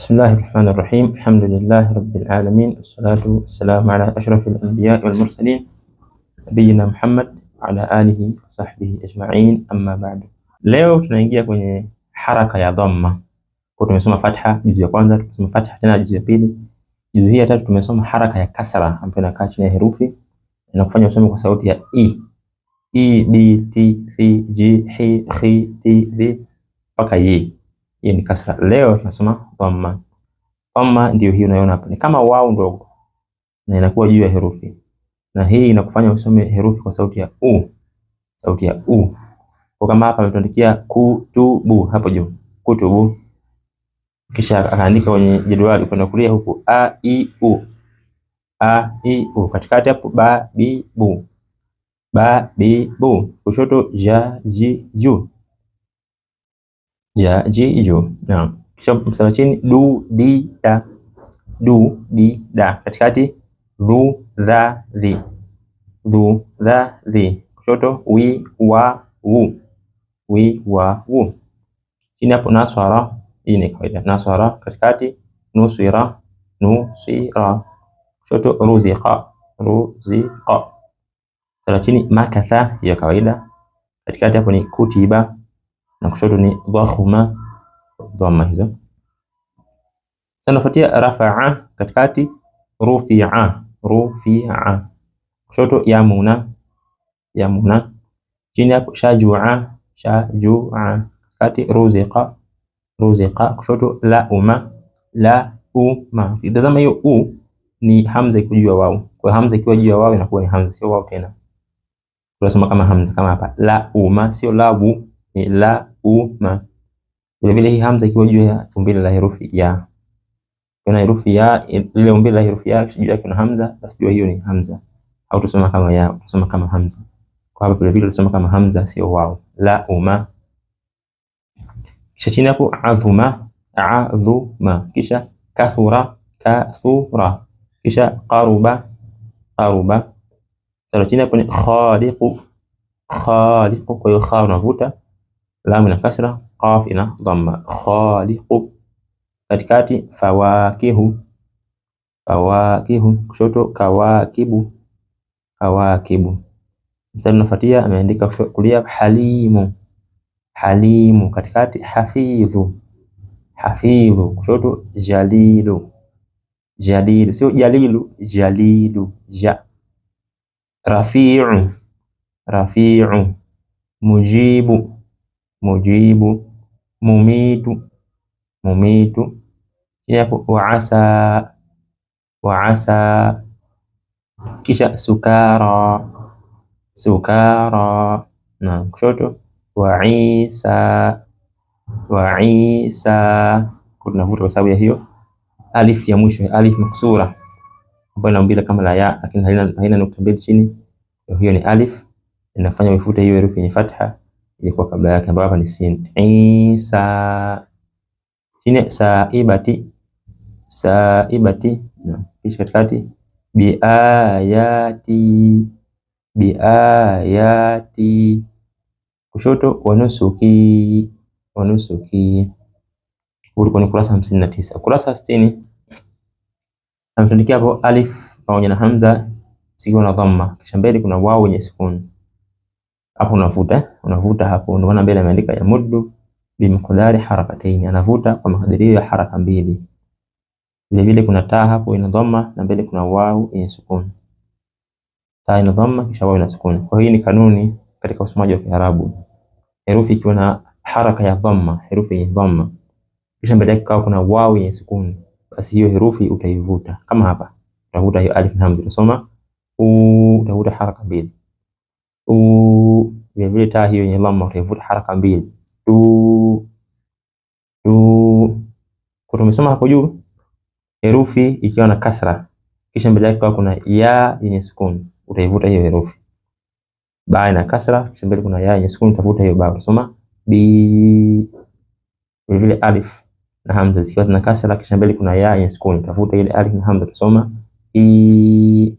Bismillahi rahmani rahim, alhamdulillahi rabbil alamin, wassalatu wassalamu ala ashrafil anbiya wal mursalin nabiyina Muhammad ala alihi wa sahbihi ajma'in, amma ba'du. Leo tunaingia kwenye haraka ya dhamma. Kwa tumesoma fatha juzu ya kwanza, tumesoma fatha tena juzu ya pili, juzu hii ya tatu tumesoma haraka ya kasra ambayo inakaa chini ya herufi na kufanya usome kwa sauti ya i e b t h g h t d mpaka y hiyo ni kasra. Leo tunasoma dhamma. Dhamma ndio hii unayoona hapa, ni kama wao ndogo na inakuwa juu ya herufi, na hii inakufanya usome herufi kwa sauti ya u, sauti ya u. Kwa kama hapa ametuandikia kutubu hapo juu, kutubu, kisha akaandika kwenye jedwali kwenda kulia huku a i u, a i u, katikati hapo ba bi bu, ba bi bu, kushoto ja ji ju ya jiu. Naam, kisha mstari chini du di da, du di da, katikati dhu dha dhi, dhu dha dhi, kushoto wi wa wu, wi wa wu. Chini hapo naswara, hii ni kawaida naswara, katikati nusira, nusira, kushoto ruziqa, ruziqa. Mstari chini makatha ya kawaida, katikati hapo ni kutiba na kushoto ni dhahuma dhama hizo. Sanafuatia rafaa katikati, rufia rufia, kushoto yamuna yamuna, chini hapo shajua shajua, katikati ruziqa ruziqa, kushoto lauma lauma. Tazama hiyo u ni hamza iko juu ya wau, kwa hamza ikiwa juu ya wau inakuwa ni hamza, sio wau tena, tunasema kama hamza kama hapa lauma, sio labu ni la uma. vile hii hamza ikiwa juu ya umbile la herufi ya, kuna herufi ya ile umbile la herufi ya juu yake kuna hamza, basi jua hiyo ni hamza, au tusoma kama ya, tusoma kama hamza. Kwa hapo vile vile tusoma kama hamza, sio wao, la uma. Kisha chini hapo azuma, azuma, kisha kathura, kathura, kisha qaruba, qaruba. Sasa chini hapo ni khaliqu, khaliqu. Kwa hiyo kha unavuta lam ina kasra, qaf ina dhamma. Khaliqu katikati, fawakihu fawakihu, kushoto kawakibu kawakibu. Mstari unafuatia ameandika kulia halimu halimu, katikati hafidhu hafidhu, kushoto jalilu jalilu, sio jalilu jalilu ja rafiu rafiu mujibu mujibu, mumitu, mumitu. Kisha hapo waasa, waasa. Kisha sukara, sukara. Na kushoto waisa, waisa. Tunavuta kwa sababu ya hiyo alif ya mwisho, alif maksura ambayo ina kama la ya, lakini haina nukta mbili chini. Hiyo ni alif, inafanya ifute hiyo herufi yenye fatha ilikuwa kabla yake, ambapo hapa ni sin. Isa chini saibati saibati, na Kisha katikati biayati biayati, kushoto wanusuki wanusuki. Ulikuwa ni kurasa hamsini na tisa kurasa sitini amtandikia hapo alif pamoja na hamza sikiwa na dhamma, kisha mbele kuna wao wenye sukuni hapo unavuta eh? unavuta hapo, ndio maana mbele ameandika ya muddu bi bimqdari harakataini, anavuta kwa makadirio ya haraka mbili. Vile vile kuna taa hapo ina dhamma na mbele kuna wau yenye sukuni, taa ina dhamma kisha wau ina sukuni. Kwa hiyo ni kanuni katika usomaji wa Kiarabu, herufi ikiwa na haraka ya dhamma, herufi yenye dhamma kisha mbele yake kuna wau yenye sukuni, basi hiyo herufi utaivuta kama hapa, utavuta hiyo alif na hamza, utasoma u, utavuta haraka mbili u Vilevile taa hiyo yenye dhamma utaivuta haraka mbili tu tu. Kwa tumesoma hapo juu herufi ikiwa na kasra, kisha mbele yake kuna ya yenye sukuni, utaivuta hiyo herufi ba na kasra, kisha mbele kuna ya yenye sukuni, utavuta hiyo ba, utasoma bi. Vilevile alif na hamza zikiwa zina kasra, kisha mbele kuna ya yenye sukuni, utavuta ile alif na hamza, utasoma i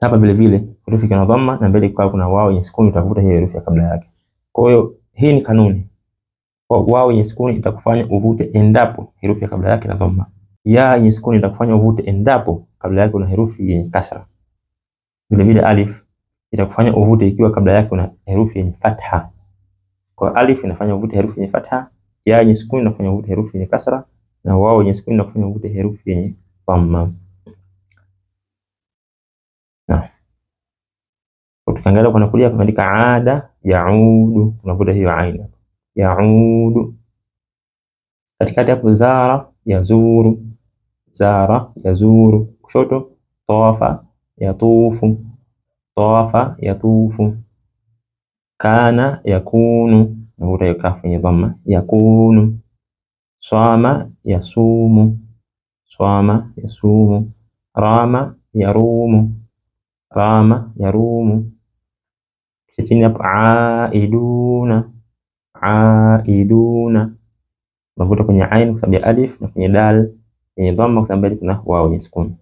hapa vile vile herufi kana dhamma na mbele kwa kuna wao yenye sukuni utavuta hiyo herufi ya kabla yake. Kwa hiyo hii ni kanuni. Kwa wao yenye sukuni itakufanya uvute endapo herufi ya kabla yake na dhamma. Ya yenye sukuni itakufanya uvute endapo kabla yake kuna herufi yenye kasra. Vile vile alif itakufanya uvute ikiwa kabla yake kuna herufi yenye fatha. Kwa alif inafanya uvute herufi yenye fatha, ya yenye sukuni inafanya uvute herufi yenye kasra na wao yenye sukuni inafanya uvute herufi yenye dhamma. Angalia kuna kulia kumeandika ada, yaudu, unavuta hiyo aina yaudu. Katikati hapo zara, yazuru, zara, yazuru. Kushoto tawafa, yatufu, tawafa, yatufu. Kana, yakunu, unavuta hiyo kafu yenye dhamma, yakunu. Swama, yasumu, swama, yasumu. Rama, yarumu, rama, yarumu kisha chini hapo aiduna, aiduna navuta kwenye ain kwa sababu ya alif na kwenye dal yenye dhamma kwa sababu kuna wawu yenye sukuni.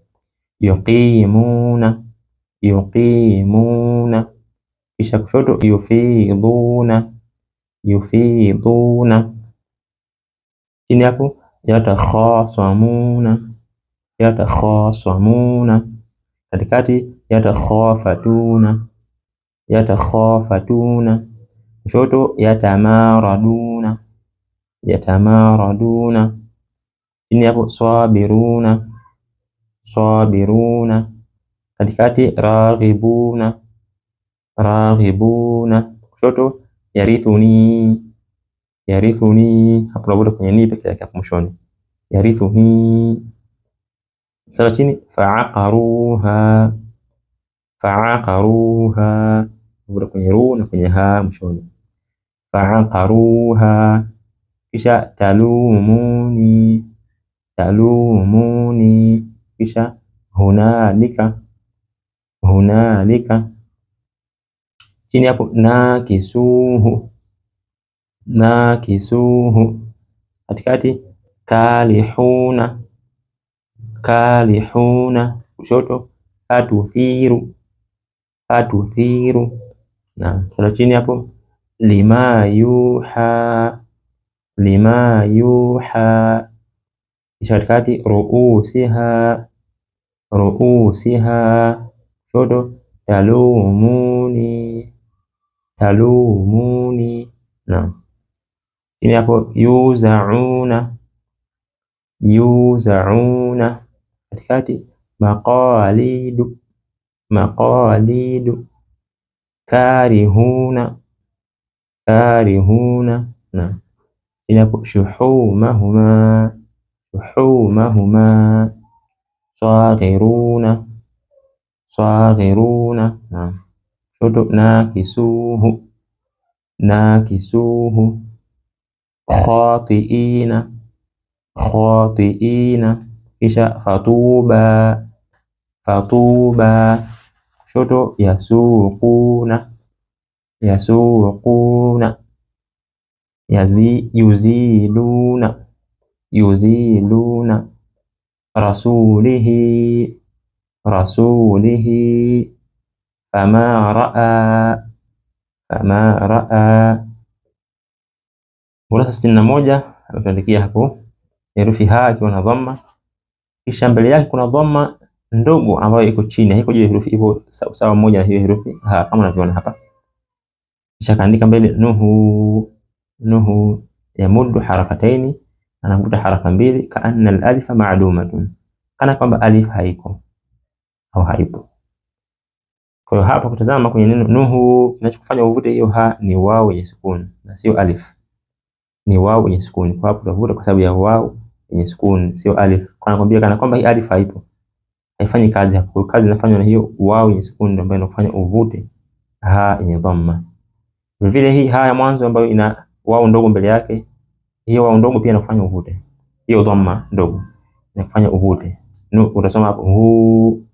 Yuqimuna, yuqimuna kisha kushoto yufiduna, yufiduna chini hapo yatakhasamuna, yatakhasamuna katikati yatakhafatuna yatakhafatuna, kushoto yatamaraduna, yatamaraduna. Chini hapo sabiruna, sabiruna. Katikati raghibuna, raghibuna. Kushoto yarithuni, yarithuni. Hapo navuta kwenye ni peke yake hapo mwishoni, yarithuni. Sasa chini faaqaruha faaqaruha, kwenye ru na kwenye ha mwishoni, faaqaruha. Kisha talumuni, talumuni. Kisha hunalika, hunalika. Chini hapo, nakisuhu, nakisuhu. Katikati kalihuna, kalihuna. Kushoto atufiru atuthiru. Na sura chini hapo lima yuha, lima yuha, kisha katikati ruusiha, ruusiha, shoto talumuni, talumuni. Na chini hapo yuzauna, yuzauna, katikati maqalidu مقاليد كارهون كارهون نعم شحومهما شحومهما صاغرون صاغرون نعم ناكسوه ناكسوه خاطئين خاطئين إشاء فطوبى فطوبى kushoto, yasuuquna yasuuquna, yazi yuziluna yuziluna, rasulihi rasulihi, fama raa fama raa. Kurasa sitini na moja ametuandikia hapo herufi ha akiwa na dhamma, kisha mbele yake kuna dhamma ndogo ambayo iko chini, haiko juu ya herufi, ipo sawa moja na hiyo herufi ha, kama unavyoona hapa. Kisha kaandika mbele nuhu, nuhu yamuddu harakataini, anavuta haraka mbili. Kaanna al-alifa ma'dumatun, kana kwamba alif haiko au haipo. Kwa hiyo hapa kutazama kwenye neno nuhu, kinachokufanya uvute hiyo ha ni wao yenye sukuni na sio alif, ni wao yenye sukuni. Kwa hapo utavuta kwa sababu ya wao yenye sukuni, sio alif. Kwa nakwambia kana kwamba hii alif haipo haifanyi kazi, hapo. kazi inafanywa na hiyo wawu yenye sukuni ambayo inafanya uvute ha yenye dhamma. Vile hii ha ya mwanzo ambayo ina wawu ndogo mbele yake, hiyo wawu ndogo pia inafanya uvute hiyo dhamma ndogo, inafanya uvute nu, utasoma hapo hu.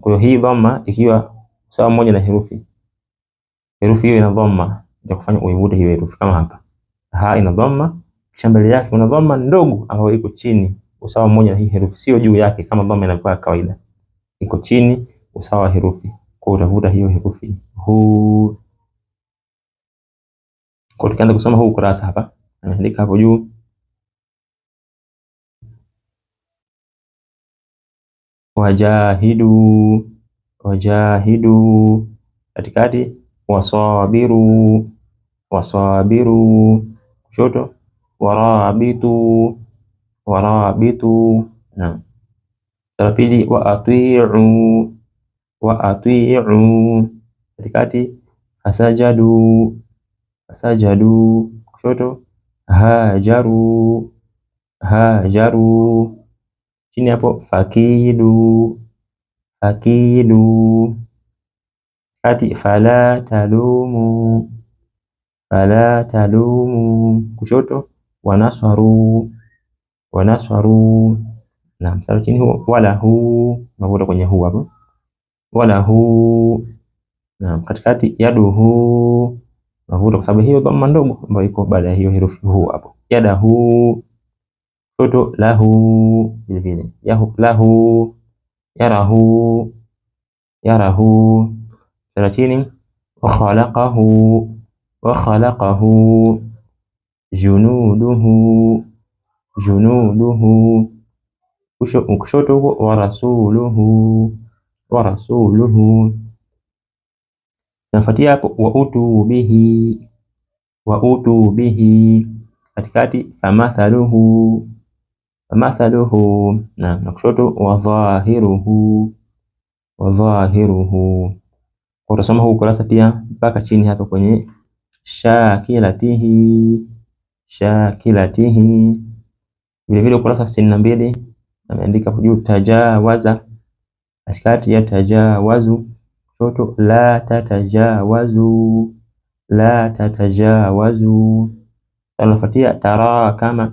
Kwa hiyo hii dhamma ikiwa sawa moja na herufi herufi hiyo ina dhamma ya kufanya uivute hiyo herufi, kama hapa ha ina dhamma, kisha mbele yake kuna dhamma ndogo ambayo iko chini usawa mmoja na hii herufi, sio juu yake kama ambavyo inakuwa kawaida, iko chini usawa wa herufi. Kwa utavuta hiyo herufi huu. Kwa tukianza kusoma huu kurasa hapa, ameandika hapo juu wajahidu wajahidu, katikati wasabiru wasabiru, kushoto warabitu warabitu. Nah. Terpilih wa ati'u wa ati'u. Ketika di asajadu asajadu kushoto hajaru hajaru sini apa fakidu fakidu kati fala talumu fala talumu kushoto wanasaru wanasaru na mstari chini huo, wala hu navuta kwenye hu hapo, wala hu na katikati yaduhu mavuta kwa sababu hiyo dhamma ndogo ambayo iko baada ya hiyo herufi hu hapo, yadahu toto lahu vile vile, yahu lahu yarahu yarahu mstari chini wa khalaqahu junuduhu junuduhu kushoto huko warasuluhu warasuluhu nafuatia hapo wautu bihi wautu bihi katikati famathaluhu famathaluhu na na kushoto wadhahiruhu wadhahiruhu kwa utasoma huu kurasa pia mpaka chini hapa kwenye shakilatihi shakilatihi Vilevile ukurasa sitini na mbili ameandika juu tajawaza, katikati ya tajawazu, kushoto la tatajawazu, la tatajawazu. Anafuatia tarakama,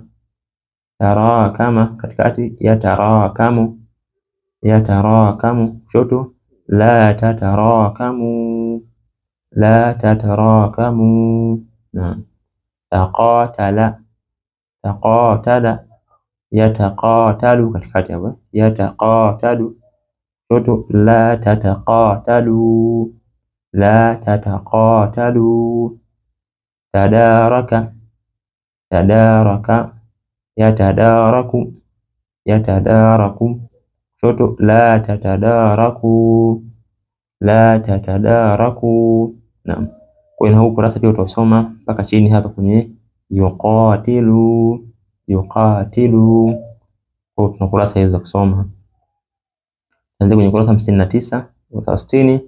tarakama, katikati ya tarakamu, ya tarakamu, kushoto la tatarakamu, la tatarakamu. Na taqatala, taqatala يتقاتل كالفتح يتقاتل شوتو لا تتقاتلوا لا تتقاتلوا تدارك تدارك يتدارك يتدارك شوتو لا تتداركوا لا tatadaraku. نعم kwa هو كراسة huu سوما pia شيني هابا كوني hapa yuqatilu. Kwa tuna kurasa hizo za kusoma, tuanze kwenye kurasa hamsini na tisa kurasa wa sitini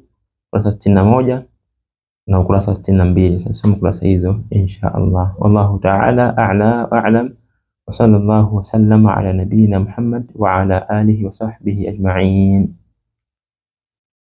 kurasa sitini na moja na ukurasa wa sitini na mbili tunasoma kurasa hizo insha Allah. Wallahu ta'ala a'la wa a'lam wa sallallahu wa sallama ala nabiyyina Muhammad wa ala alihi wa sahbihi ajma'in.